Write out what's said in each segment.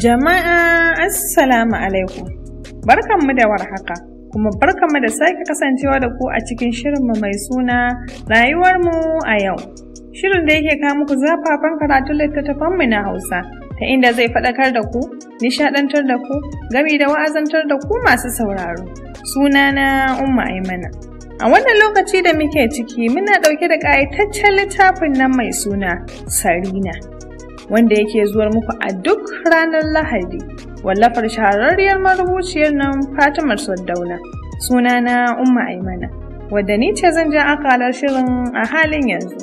Jama'a Assalamu alaikum. barkan mu da warhaka, kuma barkanmu da sake kasancewa da ku a cikin shirin mu mai suna rayuwarmu a yau. Shirin da yake kawo muku zafafan karatun littattafanmu na Hausa, ta inda zai faɗakar da ku, nishaɗantar da ku, gami da wa'azantar da ku masu sauraro. Sunana Umma Aimana. A wannan lokaci da muke ciki muna ɗauke da ƙayataccen littafin nan mai suna Sarina. wanda yake zuwa muku a duk ranar Lahadi. Wallafar shahararriyar marubuciyar nan Fatimar Saddauna. na Umma Aimana. Wadda ni ce zan ja akalar shirin a halin yanzu.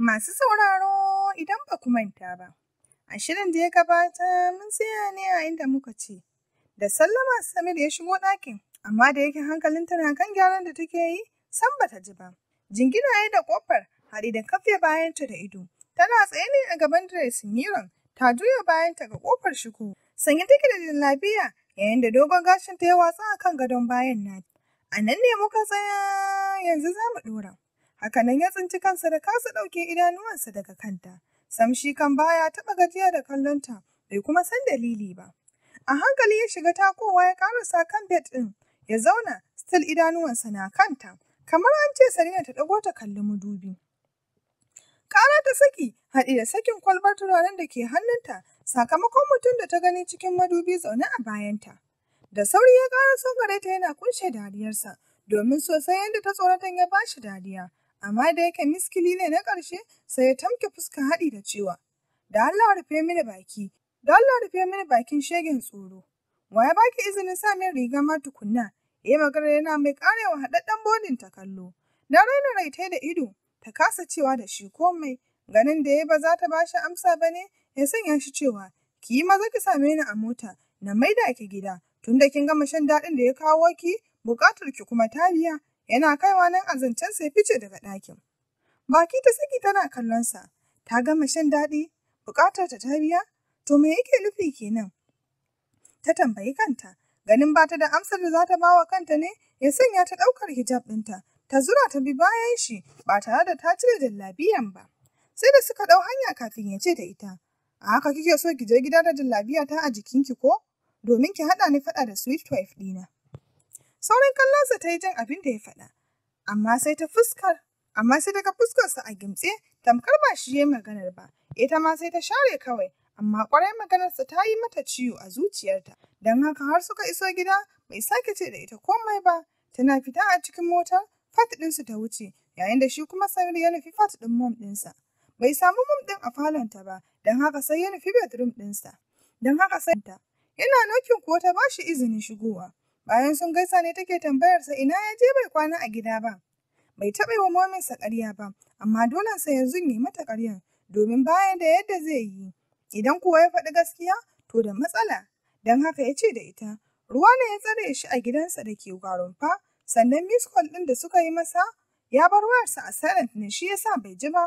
Masu sauraro idan ba ku manta ba, a shirin da ya gabata mun tsaya ne a inda muka ce. Da sallama Samir ya shigo ɗakin, amma da yake hankalin tana kan gyaran da take yi, san bata ji ba. Jingina ya da kofar haɗi da kafe bayanta da ido. Tana tsaye ne a gaban dressing mirror ta juya bayanta ga kofar shigo. Sanye take da lafiya yayin da dogon gashin ta ya watsa a kan gadon bayan na. A nan ne muka tsaya yanzu za mu ɗora. Hakanan ya tsinci kansa da kasa ɗauke idanuwansa daga kanta. Sam shi kan baya taɓa gajiya da kallonta, bai kuma san dalili ba. A hankali ya shiga takowa ya karasa kan bed ɗin, ya zauna, still idanuwansa na kanta, kamar an ce Sarina ta ɗago ta kalli madubi. Kara ta saki, haɗi da sakin kwalbar turaren da ke hannunta, sakamakon mutum da ta gani cikin madubi zaune a bayanta. Da sauri ya ƙara gare ta yana kunshe dariyarsa, domin sosai yadda ta tsoratan ya ba shi dariya. Amma da yake miskili ne na ƙarshe, sai ya tamke fuska haɗi da cewa, da Allah rufe mini baki, Da Allah rufe mini bakin shegen tsoro. Wa ya baki izinin sa min riga ma tukunna? eh magana yana mai karewa haɗaɗɗen bodin ta kallo. Na raina raitai da ido, ta kasa cewa da shi komai. Ganin da ya ba za ta bashi amsa ba ne, ya sanya shi cewa, ki yi maza ki same ni a mota, na maida ki gida, tunda kin gama shan daɗin da ya kawo ki, buƙatar ki kuma ta biya. Yana kaiwa nan a sai fice daga ɗakin. Baki ta saki tana kallon sa. ta gama shan daɗi, buƙatar ta ta biya, To me yake nufi kenan? Ta tambayi kanta, ganin ba ta da amsar da za ta ba wa kanta ne, ya sanya ta ɗaukar hijab ɗinta, ta zura ta bi bayan shi ba tare da ta cire jallabiyan ba. Sai da suka ɗau hanya kafin ya ce da ita, a haka kike so ki je gida da jallabiya ta a jikinki ko? Domin ki haɗa ni faɗa da Swift Wife ɗina. kallon kallonsa ta yi jan abin da ya faɗa, amma sai ta fuskar amma sai daga fuskarsa a gimtse tamkar ba shi ya maganar ba, ita ma sai ta share kawai, amma ƙwarai maganarsa ta yi mata ciwo a zuciyarta, don haka har suka iso gida bai sake ce da ita komai ba, tana fita a cikin motar fat ɗinsu ta wuce, yayin da shi kuma sayar ya nufi fat ɗin mom ɗinsa. Bai samu mom ɗin a falon ta ba, don haka sai ya nufi bedroom ɗinsa. Don haka sai ta, yana nokin kuwa ta bashi shi izinin shigowa. Bayan sun gaisa ne take tambayarsa ina ya je bai kwana a gida ba. Bai taɓa yi wa mominsa ƙarya ba, amma dole sai yanzu yi mata ƙaryan domin bayan da yadda zai yi. Idan kuwa ya faɗi gaskiya, to da matsala, don haka ya ce da ita, ruwa ne ya tsare shi a gidansa da ke Gwarumfa, sannan miss call ɗin da suka yi masa ya bar wayarsa a silent ne shi yasa bai ji ba.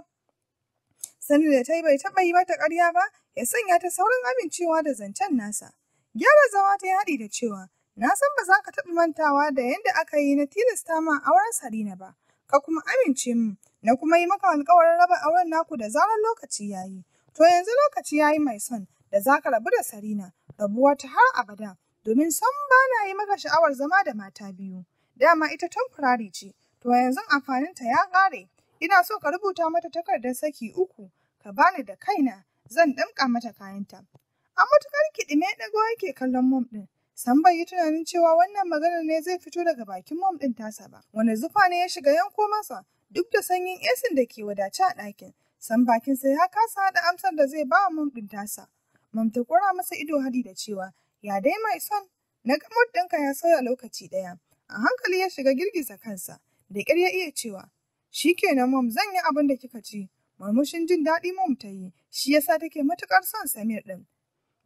Sani da ta yi bai taɓa yi mata ƙarya ba, ya sanya ta saurin amincewa da zancen nasa. Gyara zama ta haɗi da cewa, na san ba za ka taɓa mantawa da yadda aka yi na tilasta ma auren Sarina ba, ka kuma amince min, na kuma yi maka alƙawarin raba auren naku da zaran lokaci ya yi. To yanzu lokaci ya yi mai son da za ka rabu da Sarina, rabuwarta har abada, domin san ba na yi maka sha'awar zama da mata biyu. Dama ita tamfurari ce, to yanzu amfaninta ya ƙare. Ina so ka rubuta mata takardar saki uku, ka bani da kaina, zan ɗamka mata kayanta. A matuƙar kiɗime ɗago yake kallon mom ɗin. san bai yi tunanin cewa wannan maganar ne zai fito daga bakin mom ɗin tasa ba. Wani zufa ne ya shiga yanko masa, duk da sanyin esin da ke wadace a ɗakin. San bakinsa ya kasa haɗa amsar da zai ba wa mom ɗin tasa. Mamta kura masa ido haɗi da cewa, ya dai mai son, na ga mood ɗinka ya sauya lokaci ɗaya. A hankali ya shiga girgiza kansa, da ƙyar ya iya cewa, shi kenan mom zan yi abin da kika ci. Murmushin jin daɗi mom ta yi, shi yasa take matuƙar son Samir ɗin.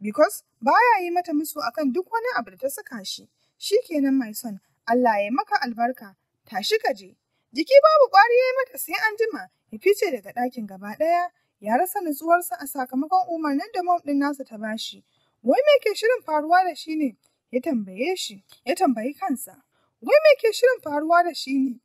Because baya yi mata musu akan duk wani abu da ta saka shi. Shi kenan mai son, Allah ya maka albarka, tashi ka je. Jiki babu ƙwari ya yi mata sai an jima, ya fice daga ɗakin gaba ɗaya ya rasa nutsuwarsa a sakamakon umarnin da mom ɗin nasa ta bashi. Wai me ke shirin faruwa da shi ne? Ya tambaye shi, ya tambayi kansa. Wai me ke shirin faruwa da shi ne?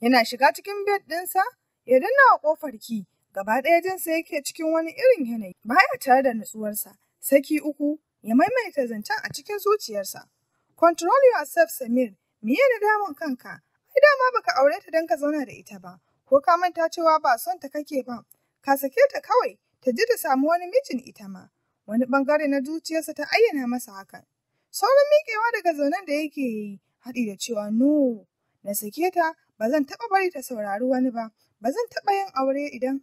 Yana shiga cikin bed ɗinsa, ya danna a ƙofar ki, gaba ɗaya jinsa yake cikin wani irin yanayi, baya tare da nutsuwarsa. Saki uku, ya maimaita zancen a cikin zuciyarsa. Control yourself, Samir, miye da damun kanka? Ai dama baka aure ta don ka zauna da ita ba. ko ka manta cewa ba son ta kake ba, ka sake ta kawai ta ji ta samu wani mijin ita ma. Wani bangare na zuciyarsa ta ayyana masa hakan. sauran miƙewa daga zaunen da yake yi, haɗi da cewa no, na sake ta ba zan taɓa bari ta saurari wani ba, ba zan taɓa yin aure idan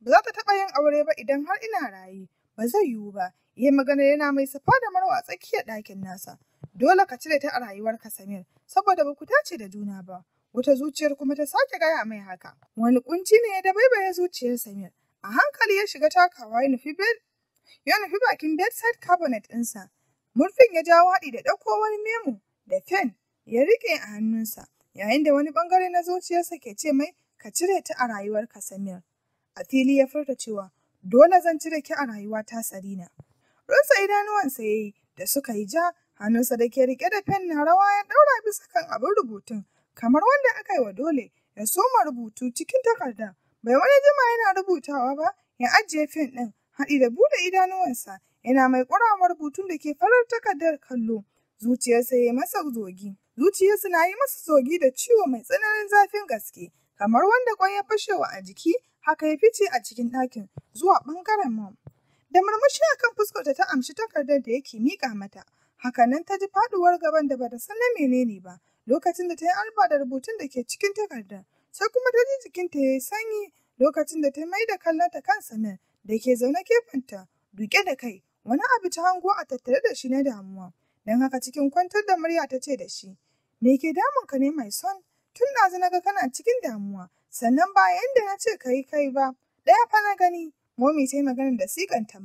ba za ta taɓa yin aure ba idan har ina raye, ba zai yiwu ba. Ya magana yana mai safa da marwa a tsakiyar ɗakin nasa. Dole ka cire ta a rayuwar ka Samir, saboda ba ku tace da juna ba. Wata zuciyar kuma ta sake gaya mai haka. Wani kunci ne ya dabaibaye zuciyar Samir. A hankali ya shiga takawa ya nufi ya nufi bakin bedside cabinet ɗinsa. Murfin ya jawo haɗi da ɗauko wani memo da fen ya riƙe a hannunsa yayin da wani ɓangare na zuciyarsa ke ce mai ka cire ta a rayuwarka Samir. A fili ya furta cewa dole zan cire ki a rayuwa ta Sarina. Runsa idanuwansa ya yi da suka yi ja hannunsa da ke riƙe da fen na rawa ya ɗaura bisa kan abin rubutun kamar wanda aka yi wa dole, ya soma rubutu cikin takarda. Bai wani jima yana rubutawa ba, ya ajiye fim ɗin, haɗi da buɗe idanuwansa, yana mai ƙurawa rubutun da ke farar takardar kallo. Zuciyarsa ya yi masa zogi. Zuciyarsa na yi masa zogi da ciwo mai tsananin zafin gaske, kamar wanda ƙwai ya fashewa a jiki, haka ya fice a cikin ɗakin zuwa ɓangaren mom. Da murmushi akan kan fuskarta ta amshi takardar da yake miƙa mata. Hakanan ta ji faɗuwar gaban da bata san na menene ba. lokacin da ta yi alba da rubutun da ke cikin takarda sai kuma ta ji jikinta ya yi sanyi lokacin da ta mai da ta kan Samir da ke zaune gefenta duke da kai wani abu ta hango a tattare da shi na damuwa don haka cikin kwantar da murya ta ce da shi me ke damun ka ne mai son tun ɗazu na ga kana cikin damuwa sannan ba yanda na ce kai kai ba ɗaya fa na gani momi ta yi magana da sikanta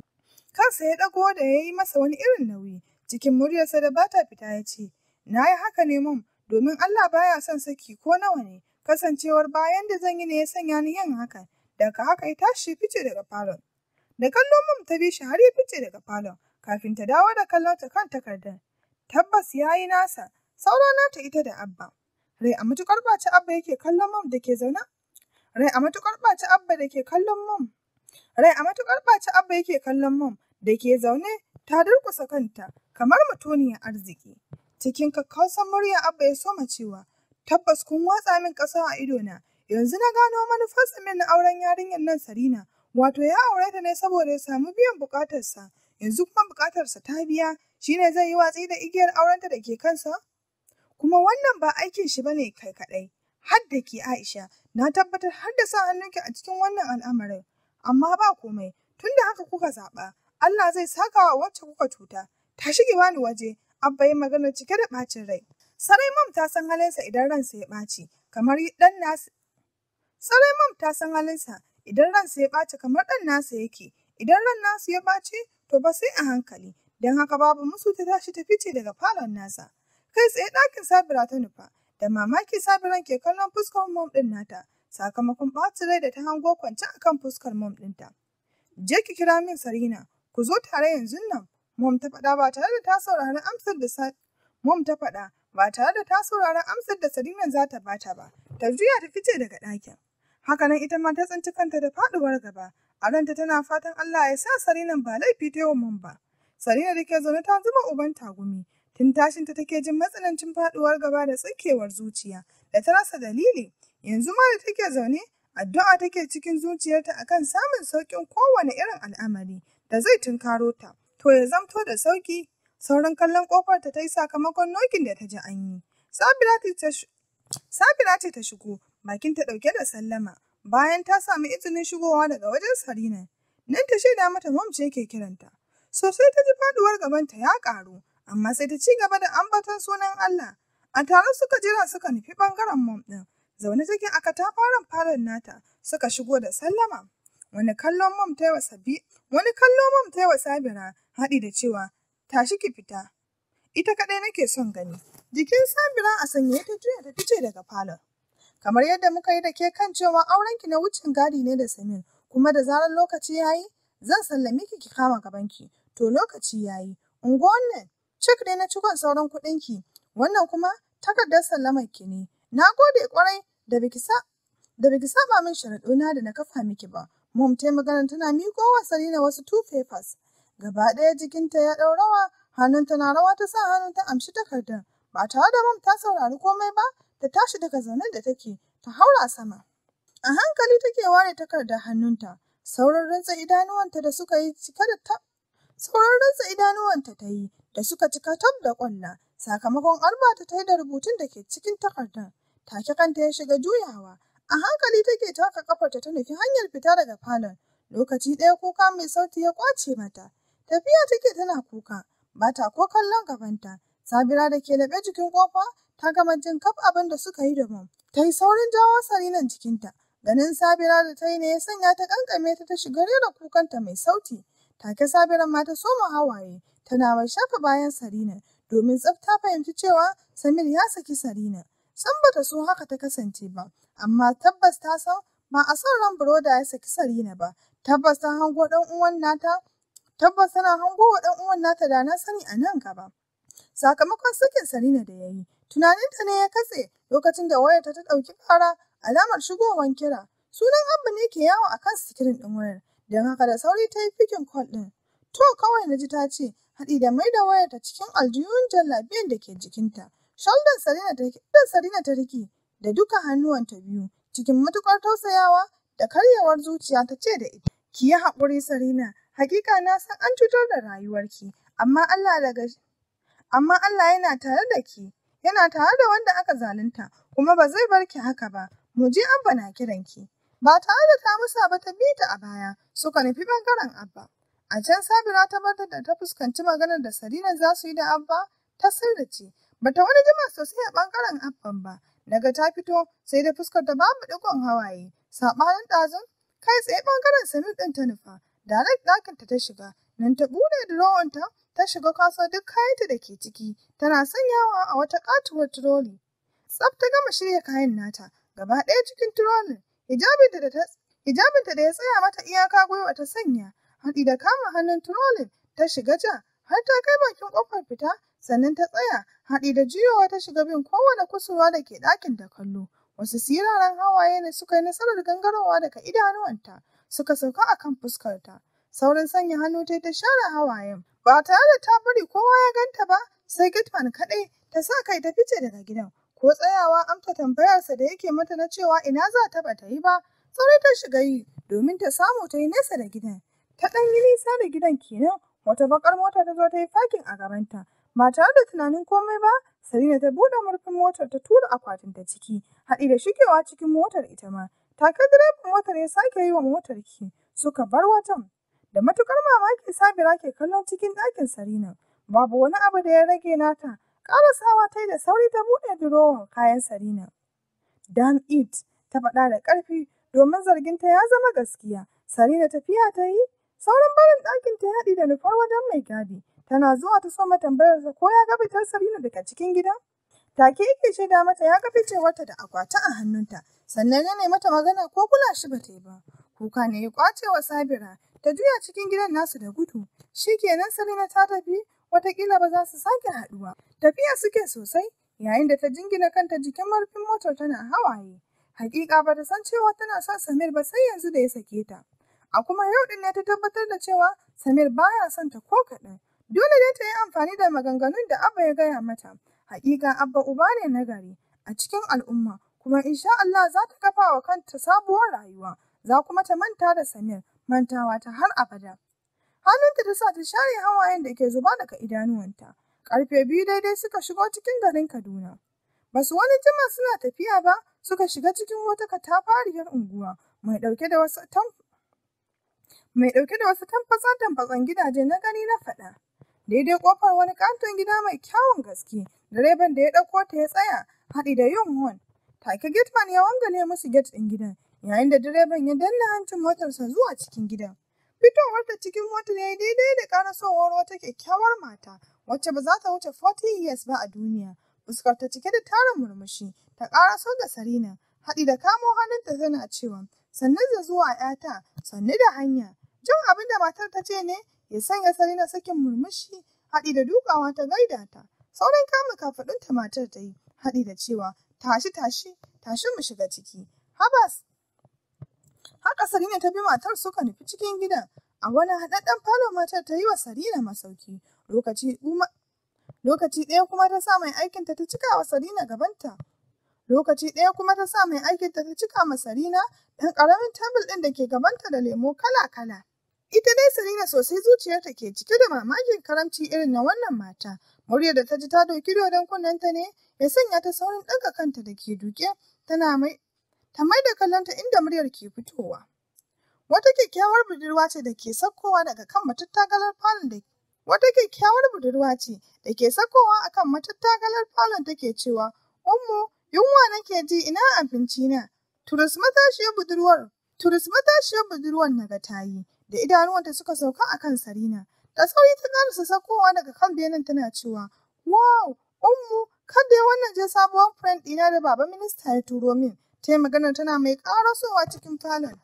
kansa ya ɗago da ya yi masa wani irin nauyi cikin muryarsa da bata fita ya ce na yi haka ne mom domin Allah baya son saki ko nawa ne, kasancewar bayan da zan yi ne ya sanya ni yin haka, daga haka ya tashi fice daga falon. Da kallon mum ta bi shi har ya fice daga falon, kafin ta dawo da kallon ta kan takardar. Tabbas ya yi nasa, saura nata ita da Abba. Rai a matukar ɓaci Abba yake kallon mum da ke Rai a ɓaci Abba da kallon mum. Rai a ɓaci Abba yake kallon mum da ke zaune ta durƙusa kanta kamar mutuniyar arziki. Cikin kakkausar murya Abba ya soma cewa, tabbas kun watsa min ƙasa a ido na yanzu na gano manufar tsimin na auren yarinyar nan Sarina, wato ya aure ta ne saboda ya samu biyan bukatarsa yanzu kuma bukatarsa ta biya, shi ne zai yi watsi da igiyar aurenta da ke kansa? Kuma wannan ba aikin shi bane kai kadai. har da ke Aisha, na tabbatar har da sa hannunki a cikin wannan al'amarin, amma ba komai, tunda haka kuka zaɓa, Allah zai saka wa wacce kuka cuta, ta shige bani waje, Abba ya magana cike da ɓacin rai. Sarai mam ta san halinsa idan ransa ya ɓaci, kamar ɗan nasa. Sarai mam ta san halinsa idan ransa ya ɓaci kamar ɗan nasa yake. Idan ran nasu ya ɓaci, to ba sai a hankali. Don haka babu musu ta tashi ta fice daga falon nasa. Kai tsaye ɗakin Sabira ta nufa, da mamaki Sabiran ke kallon fuskar mom ɗin nata, sakamakon ɓacin rai da ta hango kwance akan fuskar mom ɗinta. Je ki kira min Sarina, ku zo tare yanzu nan, Mom ta faɗa ba tare da ta saurari amsar da sa Mom ta faɗa ba tare da ta saurari amsar da Sarinan za ta bata ba. Ta juya ta fice daga ɗakin. Haka nan ita ma ta tsinci kanta da faɗuwar gaba. A ranta tana fatan Allah ya sa Sarina ba laifi ta yawan mom ba. Sarina da ke zaune ta zuba uban tagumi. Tun tashinta take jin matsanancin faɗuwar gaba da tsinkewar zuciya da ta rasa dalili. Yanzu ma da take zaune addu'a take cikin zuciyarta akan samun sauƙin kowane irin al'amari da zai tunkaro ta. to ya zamto da sauki. Sauran kallon ƙofar ta yi sakamakon nokin da ta ji an yi. Sabira ce ta shigo, bakin ta ɗauke da sallama, bayan ta samu izinin shigowa daga wajen Sarina. Nan ta shaida mata mom ce ke kiranta. Sosai ta ji faɗuwar gabanta ya ƙaru, amma sai ta ci gaba da ambaton sunan Allah. A tare suka jira suka nufi ɓangaren mom ɗin. Zaune take a katafaren falon nata, suka shigo da sallama. wani kallon mom ta yi wa kallo mom ta yi wa sabira haɗi da cewa tashi ki fita ita kaɗai nake son gani jikin sabira a sanye ta juya ta fice daga falon kamar yadda muka yi da ke kan cewa auren ki na wucin gadi ne da samir kuma da zarar lokaci ya yi zan sallame ki ki kama gabanki to lokaci ya yi unguwan nan cik ne na cikon sauran kuɗin ki wannan kuma takardar sallamar ki ne na gode kwarai da biki sa da biki ba min sharaɗuna da na kafa miki ba Mom ta magana tana miko wa Salina wasu two papers. Gaba ɗaya jikinta ya ɗau rawa, hannunta na rawa ta sa hannun ta amshi takardar. Ba tare da Mom ta saurari komai ba, ta tashi daga zaunen da take, ta haura sama. A hankali take ware takardar hannunta, sauran rantsa idanuwanta da suka yi cika da ta sauran rantsa idanuwanta ta yi da suka cika tab da ƙwalla sakamakon alba ta yi da rubutun da ke cikin takardar take kanta ya shiga juyawa A hankali take taka ƙafarta ta nufi hanyar fita daga falon. Lokaci ɗaya kuka mai sauti ya kwace mata. Tafiya take tana kuka, bata ko kallon gabanta. Sabira da ke laɓe jikin kofa ta gama jin kaf abin da suka yi da mom. Ta yi saurin jawo sarinan jikinta. Ganin Sabira da ta yi ne ya sanya ta kankame ta ta shiga rera kukanta mai sauti. Take Sabiran mata, ta soma hawaye, tana mai shafa bayan Sarina domin tsafta fahimci cewa Samir ya saki Sarina. san ba ta so haka ta kasance ba, amma tabbas ta san ba a son ran Buroda ya saki Sarina ba, tabbas ta hango dan uwan nata, tabbas tana hango wa ɗan uwan nata da na sani a nan gaba. Sakamakon sakin Sarina da yayi yi, tunaninta ne ya katse lokacin da wayar ta ta ɗauki ƙara alamar shigowar kira. Sunan Abba ne ke yawo a kan sikirin ɗin wayar, dan haka da sauri ta yi fikin kwal ɗin. To kawai na ji ta ce, haɗi da mai da ta cikin aljihun jallabiyan da ke jikinta. Shouldar Sarina ta riki da duka hannuwanta biyu, cikin matukar tausayawa da karyawar zuciya ta ce da ita, ki yi haƙuri Sarina, haƙiƙa na san an cutar da rayuwarki, amma Allah daga amma Allah yana tare da ki, yana tare da wanda aka zalunta, kuma ba zai bar ki haka ba, mu je Abba na kiranki. Ba tare da ta musa ba ta bita a baya, suka nufi ɓangaren Abba. A can Sabira ta bar da ta fuskanci maganar da Sarina za su yi da Abba, ta ce. Bata wani jima sosai a ɓangaren abban ba, daga ta fito sai da fuskar ta babu ɗigon hawaye, sabanin ɗazun kai tsaye ɓangaren Samir ɗin ta nufa, direct dakin ta ta shiga, nan ta buɗe drawing ta Ta shiga kaso duk kayanta da ke ciki, tana sanyawa a wata katuwar trolley Tsaf ta gama shirya kayan nata, gaba ɗaya cikin trolin. hijabinta da ta ta da ya tsaya mata iyaka gwiwa ta sanya Hadi da kama hannun trolley ta shiga ja har ta kai bakin kofar fita sannan ta tsaya, haɗi da jiyowa ta shiga bin kowane kusurwa da ke ɗakin da kallo. Wasu siraran hawaye ne suka yi nasarar gangarowa daga idanuwanta, suka sauka a kan fuskarta. Sauran sanya hannu ta ta share hawayen. Ba tare da ta bari kowa ya ganta ba, sai Gitman kaɗai ta sa kai ta fice daga gidan. Ko tsayawa amsa tambayarsa da yake mata na cewa ina za ta ba ta yi ba, sauri ta shiga yi domin ta samu ta yi nesa da gidan. Ta ɗan yi nisa da gidan kenan, wata bakar mota ta zo ta yi fakin a gabanta. Ba tare da tunanin komai ba, Sarina ta buɗe murfin motar ta tura akwatin ta ciki, haɗi da shigewa cikin motar ita ma. Take direban motar ya sake yi wa motar ki, suka bar watan. Da matukar mamaki Sabira ke kallon cikin ɗakin Sarina, babu wani abu da ya rage nata. ƙara ta yi da sauri ta buɗe durowar kayan Sarina. dan it, ta faɗa da ƙarfi domin zargin ta ya zama gaskiya. Sarina tafiya ta yi, sauran barin ɗakin ta yaɗi da nufar wajen mai gadi. Tana zuwa ta soma tambayarsa ko ya ga fitar Sarina daga cikin gida. Take yake shaida mata ya ga wata da akwati a hannunta, sannan ya nemi mata magana ko kula shi ba ta yi ba. Kuka ne ya kwace wa Sabira, ta juya cikin gidan nasu da gudu. Shi kenan Sarina ta tafi, watakila ba za su sake haɗuwa. Tafiya suke sosai, yayin da ta jingina kanta jikin marfin motar tana hawaye. Hakika ba ta san cewa tana son Samir ba sai yanzu da ya sake ta. A kuma yau din ne ta tabbatar da cewa Samir baya son ta ko kaɗan. Dole ne ta yi amfani da maganganun da Abba ya gaya mata. Hakika Abba uba ne na gari a cikin al'umma kuma insha Allah za ta kafa wa kanta sabuwar rayuwa. Za kuma ta manta da Samir, mantawa ta har abada. Hannunta ta sa ta share hawayen da ke zuba daga idanuwanta. Karfe biyu daidai suka shigo cikin garin Kaduna. Ba su wani jima suna tafiya ba, suka shiga cikin wata katafariyar unguwa mai dauke da wasu mai dauke da wasu gidaje na gani na faɗa. Daidai ƙofar wani ƙaton gida mai kyawun gaske, direban da ya ɗauko ta ya tsaya, haɗi da yin hon. Take gitman ya wangale musu gate ɗin gidan, yayin da direban ya danna hancin motarsa zuwa cikin gidan. Fitowar ta cikin motar ya daidai da karasowar wata kyakkyawar mata, wacce ba za ta wuce 40 years ba a duniya. Fuskar ta cike da tarin murmushi, ta karaso ga Sarina, haɗi da kamo hannunta tana cewa, sannu da zuwa ‘yata, sannu da hanya. Jin abin da matar ta ce ne ya sanya Salina sakin murmushi haɗi da dukawa ta gaida ta. Sauran kama ta matar ta yi haɗi da cewa tashi tashi tashi mu shiga ciki. Habas haka Sarina ta bi matar suka nufi cikin gidan. A wani haɗaɗɗen falo matar ta yi wa Sarina masauki. Lokaci lokaci ɗaya kuma ta sa mai aikinta ta cika wa Sarina gabanta. Lokaci ɗaya kuma ta sa mai aikinta ta cika ma Sarina ɗan ƙaramin tabul ɗin da ke gabanta da lemo kala-kala. Ita dai Salina sosai zuciyarta ke cike da mamakin karamci irin na wannan mata. Muryar da ta ji ta doki dodon kunnenta ne ya sanya ta saurin ɗaga kanta da ke duke tana mai ta mai da kallonta inda muryar ke fitowa. Wata kyakkyawar budurwa ce da ke sakkowa daga kan matattakalar falon da Wata kyakkyawar budurwa ce da ke sakkowa akan matattakalar falon take cewa, "Ummu, yunwa nake ji ina abinci na." Turus matashiyar budurwar, turus matashiyar budurwar naga ta yi. da idanuwanta suka sauka a kan Sarina. Da sauri ta ƙarasa sakowa daga kan benin tana cewa, Wow, Ummu, kada wannan je sabuwar friend ɗina da baba minista ya turo min. Ta yi magana tana mai ƙarasowa cikin falon.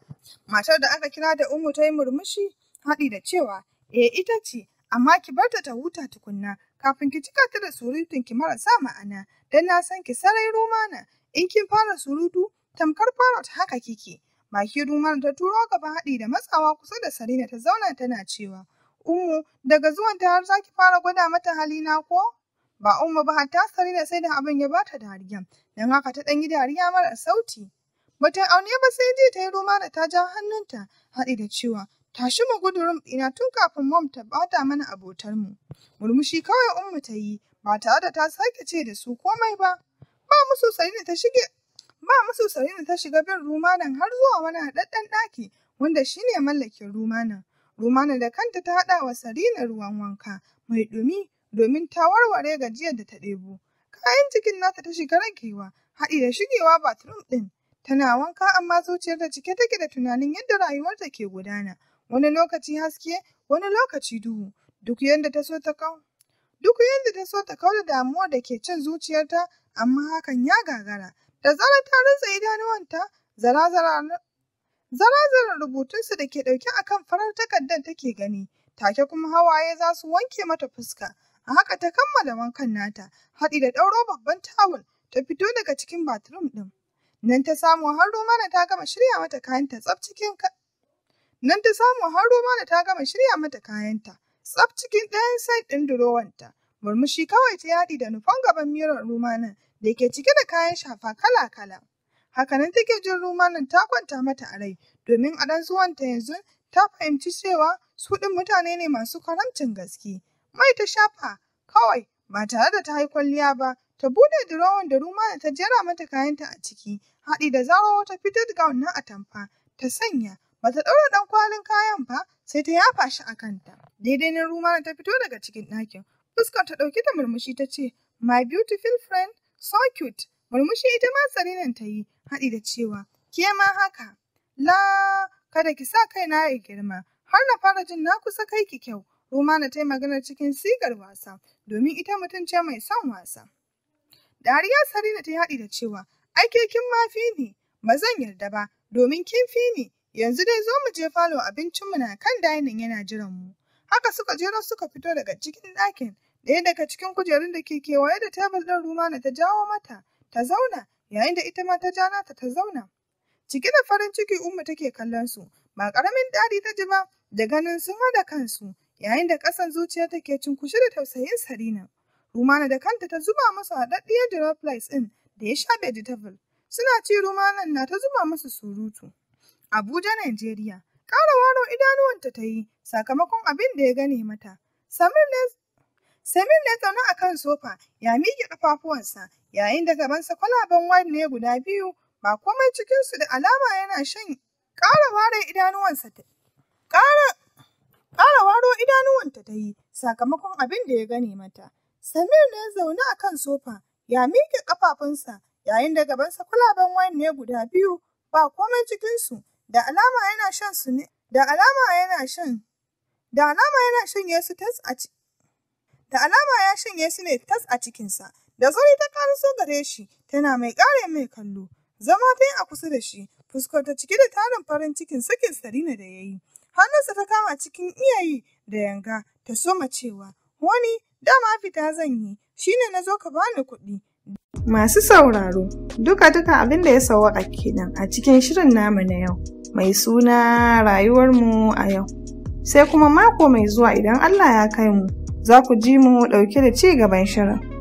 Matar da aka kira da Ummu ta yi murmushi, haɗi da cewa, E, ita ce, amma ki bar ta huta tukunna, kafin ki cika ta da surutun ki marasa ma'ana, don na san ki sarai romana, In kin fara surutu, tamkar ta haka kike. Maki Rumana ta turo gaba haɗi da matsawa kusa da Sarina ta zauna tana cewa, Ummu, daga zuwan zuwanta har zaki fara gwada mata halina ko? Ba Ummu ba hatta Sarina sai da abin ya bata dariya, don haka ta ɗan yi dariya mara sauti. Bata auni ba sai jiya ta yi da ta ja hannunta haɗi da cewa, tashi mu gudurin rum ɗina tun kafin mom ta bata mana abotar mu. Murmushi kawai Ummu ta yi, ba tare da ta sake ce da su komai ba. Ba musu Sarina ta shige Ba musu Sarina ta shiga bin rumanan har zuwa wani haɗaɗɗen ɗaki wanda shi ne mallakin rumanan. Rumana da kanta ta haɗa wa Sarina ruwan wanka mai ɗumi domin ta warware gajiyar da ta ɗebo. Kayan cikin nata ta shiga ragewa, haɗi da shigewa bathroom ɗin. Tana wanka amma zuciyarta cike take da tunanin yadda rayuwarta ke gudana. Wani lokaci haske, wani lokaci duhu. Duk yadda ta so ta kau. Duk yadda ta so ta kauda damuwar da ke cin zuciyarta, amma hakan ya gagara. Da zara ta rantsa idanuwanta, zarar rubutunsa da ke ɗauke a kan farar takardar take gani, take kuma hawaye za su wanke mata fuska. A haka ta kammala wankan nata, haɗi da ɗauro babban tawul, ta fito daga cikin bathroom ɗin. Nan ta samu har Romana ta gama shirya mata kayanta tsaf cikin Nan ta samu har Romana ta gama shirya mata kayanta tsaf cikin ɗayan side ɗin durowanta. Murmushi kawai ta yaɗi da nufan gaban mirar Romana da ke cike da kayan shafa kala-kala. Hakanan take jin rumanin ta kwanta mata a rai domin a ɗan zuwanta yanzu ta fahimci cewa su ɗin mutane ne masu karamcin gaske. Mai ta shafa kawai ba tare da ta yi kwalliya ba ta bude durowan da rumana ta jera mata kayanta a ciki haɗi da zaro wata fitted gown na atamfa ta sanya ba ta ɗaura ɗan kwalin kayan ba sai ta yafa shi a kanta. Daidai na rumana ta fito daga cikin ɗakin fuskar ta ɗauki da murmushi ta ce my beautiful friend So Murmushi ita ma Sarinan ta yi, haɗi da cewa, ke ma haka. La, kada ki sa kai na ya girma, har na fara jin na kusa kai ki kyau. Romana na yi magana cikin sigar wasa, domin ita mutum ce mai son wasa. Dariya Sarina ta yi haɗi da cewa, ai ke kin ma fi ni, ba zan yarda ba, domin kin fi ni, yanzu dai zo mu je falo abincinmu na kan dainin yana jiran mu. Haka suka jero suka fito daga cikin ɗakin, Ɗaya daga cikin kujerun da ke kewaye da tebur ɗin Rumana ta jawo mata, ta zauna, yayin da ita ma ta ja nata ta zauna. Cike da farin ciki Umma take kallon su, ba ƙaramin ɗari ta ji ba da ganin sun da kansu, yayin da ƙasan zuciya take cunkushe da tausayin Sarina. Rumana da kanta ta zuba musu haɗaɗɗiyar droplets ɗin da ya sha vegetable. Suna ci Rumanan na ta zuba musu surutu. Abuja, Najeriya. Ƙara waro idanuwanta ta yi sakamakon abin da ya gane mata. Samir ne Samir ne zaune a kan sofa ya miƙe ƙafafuwansa yayin da gabansa kwalaben wine ne guda biyu ba komai cikinsu da alama yana shan ƙara ware idanuwansa ta ƙara waro idanuwanta ta yi sakamakon abin da ya gane mata. Samir ne zaune a kan sofa ya miƙe ƙafafunsa yayin da gabansa kwalaben wine ne guda biyu ba komai cikinsu da alama yana shan su ne da alama yana shan da alama yana shanye su tas a da alama ya shanye su ne tas a cikinsa, da sauri ta so gare shi, tana mai ƙare mai kallo. Zama ta a kusa da shi, fuskar ta cike da tarin farin cikin sakin Sarina da ya yi. Hannunsa ta kama cikin iyayi da yanga, ta soma cewa, wani dama fita zan yi, shine na zo ka bani kuɗi. Masu sauraro, duka-duka abin da ya a kenan a cikin shirin namu na yau, mai suna rayuwarmu a yau. Sai kuma mako mai zuwa idan Allah ya kai mu. za ku ji mu ɗauke da ci gaban shirin.